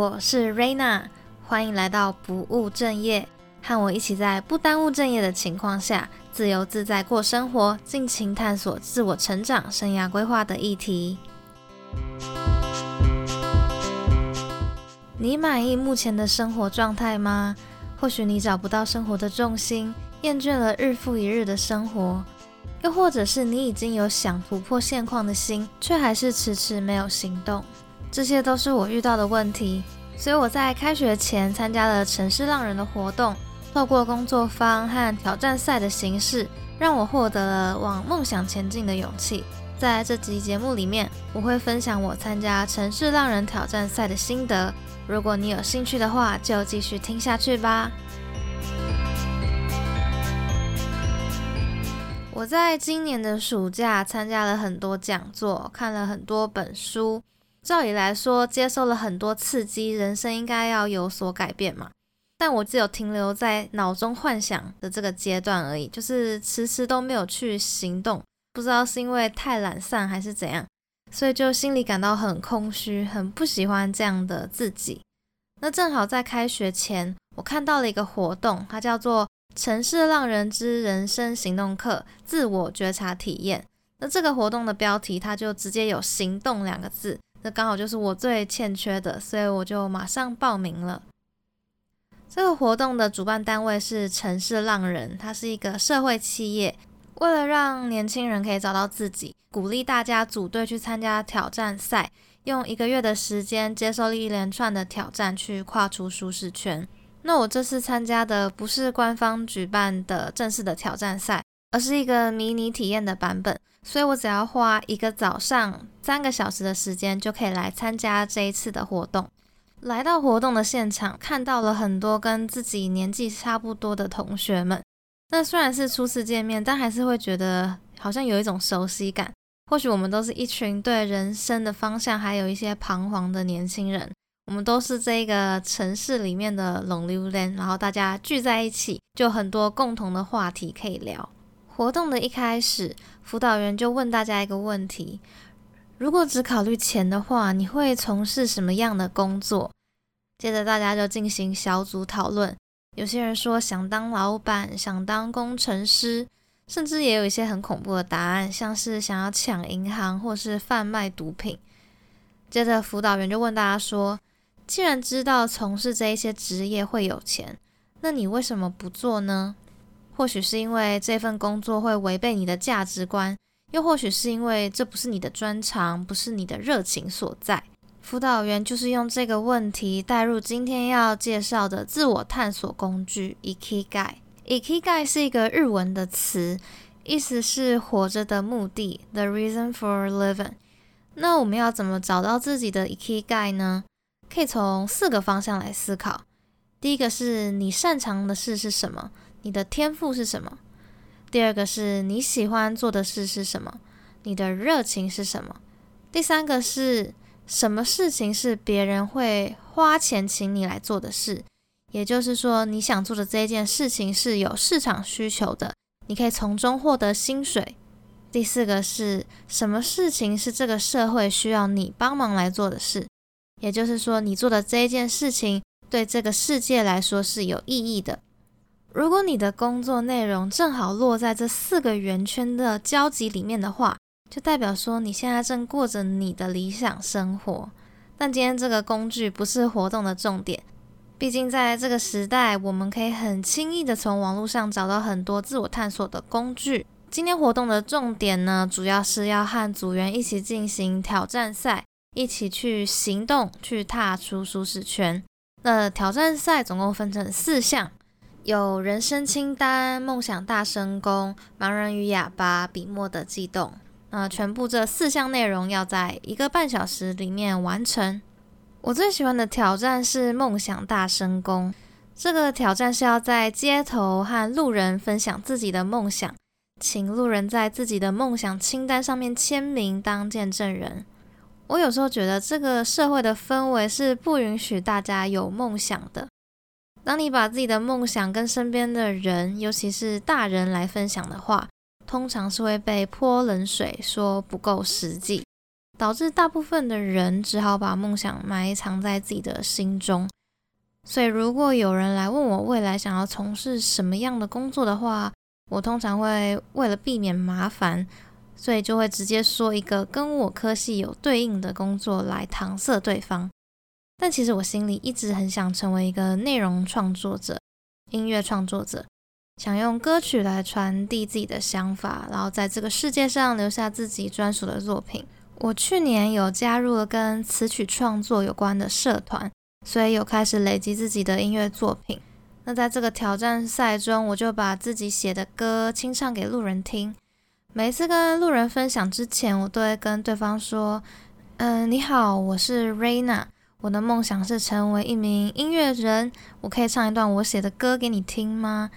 我是 Raina，歡迎來到不務正業，和我一起在不耽誤正業的情況下，自由自在過生活，盡情探索自我成長、生涯規劃的議題。你滿意目前的生活狀態嗎？或許你找不到生活的重心，厭倦了日復一日的生活，又或者是你已經有想突破現況的心，卻還是遲遲沒有行動。這些都是我遇到的問題。所以我在開學前參加了《城市浪人》的活動，透過工作坊和挑戰賽的形式，讓我獲得了往夢想前進的勇氣。在這集節目裡面，我會分享我參加《城市浪人挑戰賽》的心得。如果你有興趣的話，就繼續聽下去吧。我在今年的暑假參加了很多講座，看了很多本書。照理來說，接受了很多刺激，人生應該要有所改變嘛。但我只有停留在腦中幻想的這個階段而已，就是遲遲都沒有去行動，不知道是因為太懶散還是怎樣，所以就心裡感到很空虛，很不喜歡這樣的自己。那正好在開學前，我看到了一個活動，它叫做《城市浪人之人生行動課：自我覺察體驗》。那這個活動的標題，它就直接有“行動”兩個字。這剛好就是我最欠缺的，所以我就馬上報名了。這個活動的主辦單位是城市浪人，它是一個社會企業，為了讓年輕人可以找到自己，鼓勵大家組隊去參加挑戰賽，用一個月的時間接受一連串的挑戰，去跨出舒適圈。那我這次參加的不是官方舉辦的正式的挑戰賽，而是一個迷你體驗的版本。所以我只要花一個早上三個小時的時間，就可以來參加這一次的活動。來到活動的現場，看到了很多跟自己年紀差不多的同學們。那雖然是初次見面，但還是會覺得好像有一種熟悉感。或許我們都是一群對人生的方向還有一些彷徨的年輕人。我們都是這個城市裡面的浪人，然後大家聚在一起，就很多共同的話題可以聊。活動的一開始，輔導員就問大家一個問題：如果只考慮錢的話，你會從事什麼樣的工作？接着大家就進行小組討論。有些人說想當老闆，想當工程師，甚至也有一些很恐怖的答案，像是想要搶銀行或是販賣毒品。接着輔導員就問大家說：既然知道從事這一些職業會有錢，那你為什麼不做呢？或許是因為這份工作會違背你的價值觀，又或許是因為這不是你的專長，不是你的熱情所在。輔導員就是用這個問題帶入今天要介紹的自我探索工具 ——ikigai。ikigai 是一個日文的詞，意思是活着的目的，the reason for living。那我們要怎麼找到自己的 ikigai 呢？可以從四個方向來思考。第一個是你擅長的事是什麼？你的天賦是什麼？第二個是你喜歡做的事是什麼？你的熱情是什麼？第三個是什麼事情是別人會花錢請你來做的事？也就是說，你想做的這件事情是有市場需求的，你可以從中獲得薪水。第四個是什麼事情是這個社會需要你幫忙來做的事？也就是說，你做的這件事情對這個世界來說是有意義的。如果你的工作內容正好落在這四個圓圈的交集裡面的話，就代表說你現在正過着你的理想生活。但今天這個工具不是活動的重點，畢竟在這個時代，我們可以很輕易的從網絡上找到很多自我探索的工具。今天活動的重點呢，主要是要和組員一起進行挑戰賽，一起去行動，去踏出舒適圈。那挑戰賽總共分成四項。有人生清單、夢想大聲公、盲人與啞巴、筆墨的悸動，那全部這四項內容要在一個半小時裡面完成。我最喜歡的挑戰是夢想大聲公，這個挑戰是要在街頭和路人分享自己的夢想，請路人在自己的夢想清單上面簽名當見證人。我有時候覺得這個社會的氛圍是不允許大家有夢想的。當你把自己的夢想跟身邊的人，尤其是大人來分享的話，通常是會被潑冷水，說不夠實際，導致大部分的人只好把夢想埋藏在自己的心中。所以，如果有人來問我未來想要從事什麼樣的工作的話，我通常會為了避免麻煩，所以就會直接說一個跟我科系有對應的工作來搪塞對方。但其實我心裡一直很想成為一個內容創作者、音樂創作者，想用歌曲來傳遞自己的想法，然後在這個世界上留下自己專屬的作品。我去年有加入了跟詞曲創作有關的社團，所以有開始累積自己的音樂作品。那在這個挑戰賽中，我就把自己寫的歌清唱給路人聽。每次跟路人分享之前，我都會跟對方說：“嗯，你好，我是瑞娜。”我的夢想是成為一名音樂人。我可以唱一段我寫的歌給你聽嗎？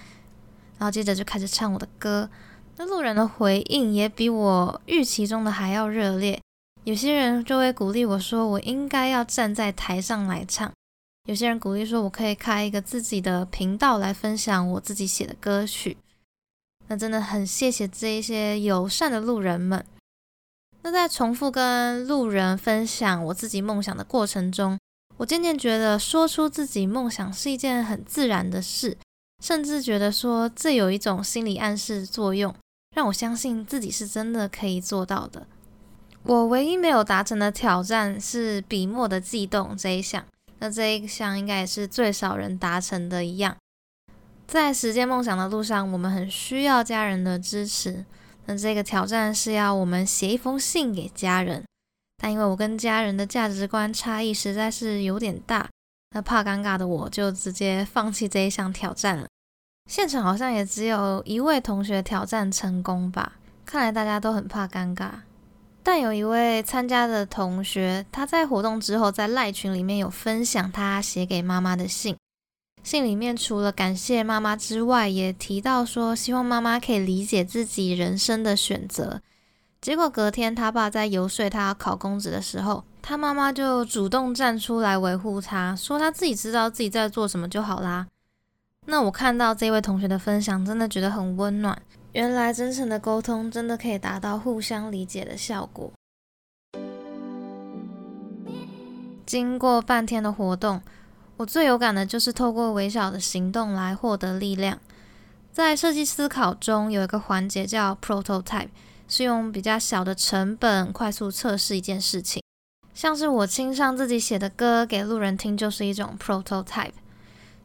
然後接着就開始唱我的歌。那路人的回應也比我預期中的還要熱烈。有些人就會鼓勵我說，我應該要站在臺上來唱。有些人鼓勵說，我可以開一個自己的頻道來分享我自己寫的歌曲。那真的很謝謝這一些友善的路人們。那在重複跟路人分享我自己夢想的過程中，我漸漸覺得說出自己夢想是一件很自然的事，甚至覺得說這有一種心理暗示作用，讓我相信自己是真的可以做到的。我唯一沒有達成的挑戰是筆墨的悸動這一項，那這一項應該也是最少人達成的一樣。在實踐夢想的路上，我們很需要家人的支持。那這個挑戰是要我們寫一封信給家人，但因為我跟家人的價值觀差異實在是有點大，那怕尷尬的我就直接放棄這一項挑戰了。現場好像也只有一位同學挑戰成功吧，看來大家都很怕尷尬。但有一位參加的同學，他在活動之後在 LINE 群裡面有分享他寫給媽媽的信。信裡面除了感謝媽媽之外，也提到說希望媽媽可以理解自己人生的選擇。結果隔天他爸在遊說他考公職的時候，他媽媽就主動站出來維護他，說他自己知道自己在做什麼就好啦。那我看到這位同學的分享，真的覺得很溫暖。原來真誠的溝通真的可以達到互相理解的效果。經過半天的活動。我最有感的就是透過微小的行動來獲得力量。在設計思考中，有一個環節叫 prototype，是用比較小的成本快速測試一件事情。像是我親上自己寫的歌給路人聽，就是一種 prototype。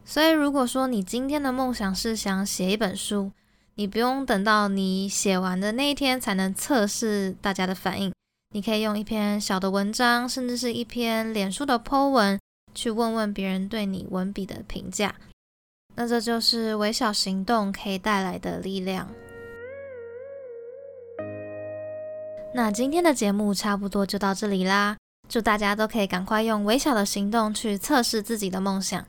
所以，如果說你今天的夢想是想寫一本書，你不用等到你寫完的那一天才能測試大家的反應，你可以用一篇小的文章，甚至是一篇臉書的 Po 文。去問問別人對你文筆的評價，那這就是微小行動可以帶來的力量。 那今天的節目差不多就到這裡啦，祝大家都可以趕快用微小的行動去測試自己的夢想。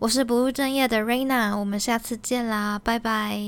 我是不務正業的瑞娜，我們下次見啦，拜拜。